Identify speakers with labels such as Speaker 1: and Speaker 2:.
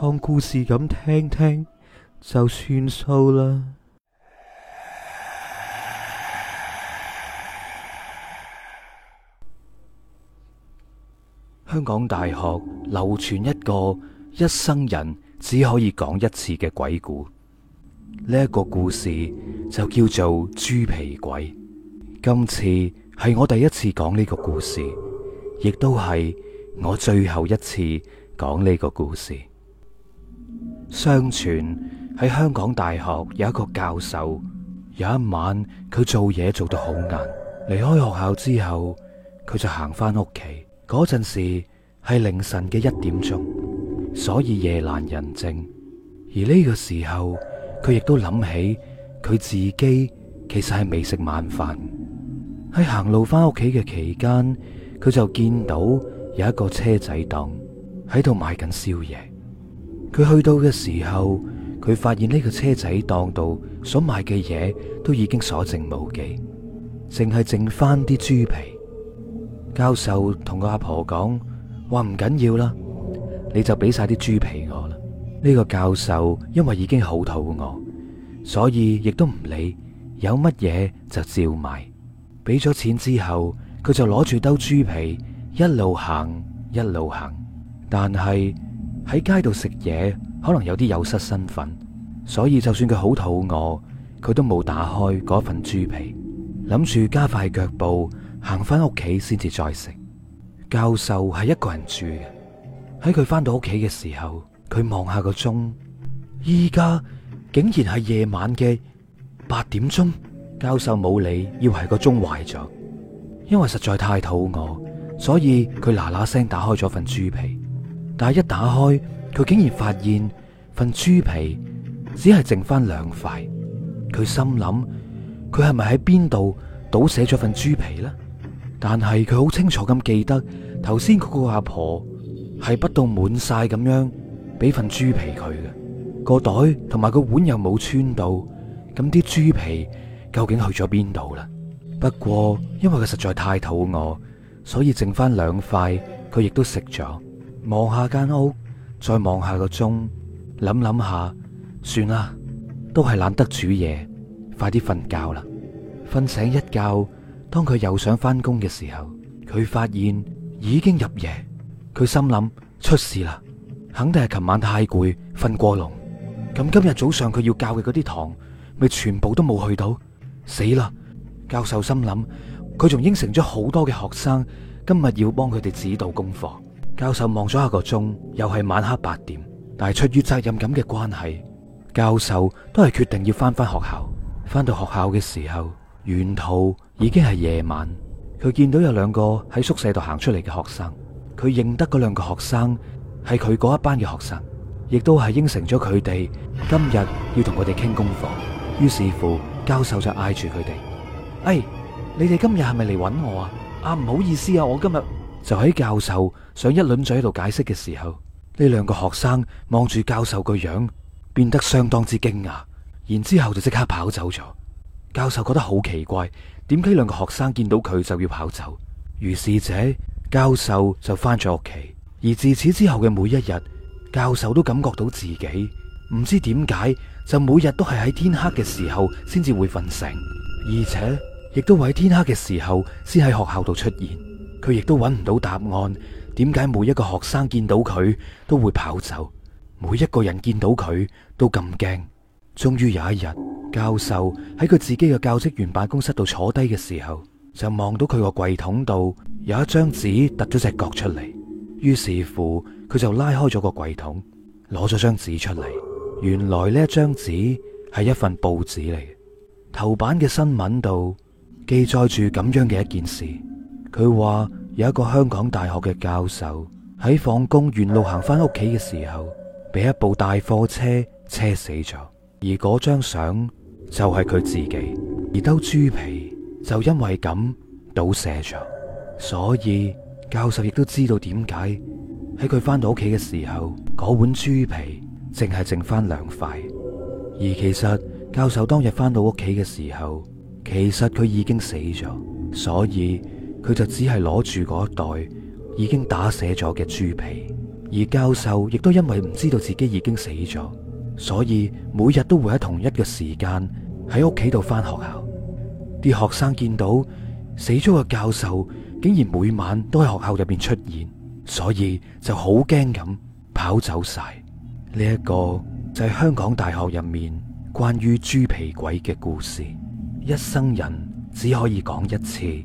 Speaker 1: 當故事咁聽聽就算數啦。香港大學流傳一個一生人只可以講一次嘅鬼故，呢一個故事就叫做豬皮鬼。今次係我第一次講呢個故事，亦都係我最後一次講呢個故事。相傳喺香港大學有一個教授，有一晚佢做嘢做得好硬。離開學校之後，佢就行翻屋企。嗰陣時係凌晨嘅一點鐘，所以夜闌人靜。而呢個時候佢亦都諗起佢自己其實係未食晚飯。喺行路翻屋企嘅期間，佢就見到有一個車仔檔喺度賣緊宵夜。佢去到嘅時候，佢發現呢個車仔檔度所賣嘅嘢都已經所剩無幾，淨係剩翻啲豬皮。教授同個阿婆講話：唔緊要啦，你就俾晒啲豬皮我啦。呢個教授因為已經好肚餓，所以亦都唔理有乜嘢就照賣。俾咗錢之後，佢就攞住兜豬皮一路行一路行，但係。喺街度食嘢，可能有啲有失身份，所以就算佢好肚餓，佢都冇打開嗰份豬皮，諗住加快腳步行翻屋企先至再食。教授係一個人住嘅，喺佢翻到屋企嘅時候，佢望下個鐘，依家竟然係夜晚嘅八點鐘。教授冇理，以為係個鐘壞咗，因為實在太肚餓，所以佢嗱嗱聲打開咗份豬皮。但係一打開，佢竟然發現份豬皮只係剩翻兩塊。佢心諗，佢係咪喺邊度倒瀉咗份豬皮呢？但係佢好清楚咁記得頭先嗰個阿婆係不到滿晒，咁樣俾份豬皮佢嘅，個袋同埋個碗又冇穿到，咁啲豬皮究竟去咗邊度啦？不過因為佢實在太肚餓，所以剩翻兩塊佢亦都食咗。望下間屋，再望下個鐘，諗諗下，算啦，都係懶得煮嘢，快啲瞓覺啦。瞓醒一覺，當佢又想翻工嘅時候，佢發現已經入夜，佢心諗，出事啦，肯定係琴晚太攰，瞓過籠。咁今日早上佢要教嘅嗰啲堂，咪全部都冇去到，死啦！教授心諗，佢仲應承咗好多嘅學生，今日要幫佢哋指導功課。教授望咗一個鐘，又係晚黑八點，但係出於責任感嘅關係，教授都係決定要翻翻學校。翻到學校嘅時候，沿途已經係夜晚。佢見到有兩個喺宿舍度行出嚟嘅學生，佢認得嗰兩個學生係佢嗰一班嘅學生，亦都係應承咗佢哋今日要同佢哋傾功課。於是乎，教授就嗌住佢哋：「哎、hey，你哋今日係咪嚟揾我啊？啊，唔好意思啊，我今日……就喺教授想一輪嘴喺度解釋嘅時候，呢兩個學生望住教授個樣，變得相當之驚訝，然之後就即刻跑走咗。教授覺得好奇怪，點解兩個學生見到佢就要跑走？於是者，教授就翻咗屋企。而自此之後嘅每一日，教授都感覺到自己唔知點解，就每日都係喺天黑嘅時候先至會瞓醒，而且亦都係喺天黑嘅時候先喺學校度出現。佢亦都揾唔到答案，點解每一個學生見到佢都會跑走，每一個人見到佢都咁驚。終於有一日，教授喺佢自己嘅教職員辦公室度坐低嘅時候，就望到佢個櫃桶度有一張紙凸咗隻角出嚟。於是乎，佢就拉開咗個櫃桶，攞咗張紙出嚟。原來呢一張紙係一份報紙嚟，頭版嘅新聞度記載住咁樣嘅一件事。佢話。有一個香港大學嘅教授喺放工沿路行翻屋企嘅時候，俾一部大貨車車死咗，而嗰張相就係佢自己。而兜豬皮就因為咁倒瀉咗，所以教授亦都知道點解喺佢翻到屋企嘅時候，嗰碗豬皮淨係剩翻兩塊。而其實教授當日翻到屋企嘅時候，其實佢已經死咗，所以。佢就只係攞住嗰袋已經打死咗嘅豬皮，而教授亦都因為唔知道自己已經死咗，所以每日都會喺同一個時間喺屋企度返學校。啲學生見到死咗嘅教授竟然每晚都喺學校入面出現，所以就好驚咁跑走晒。呢、這、一個就係香港大學入面關於豬皮鬼嘅故事，一生人只可以講一次。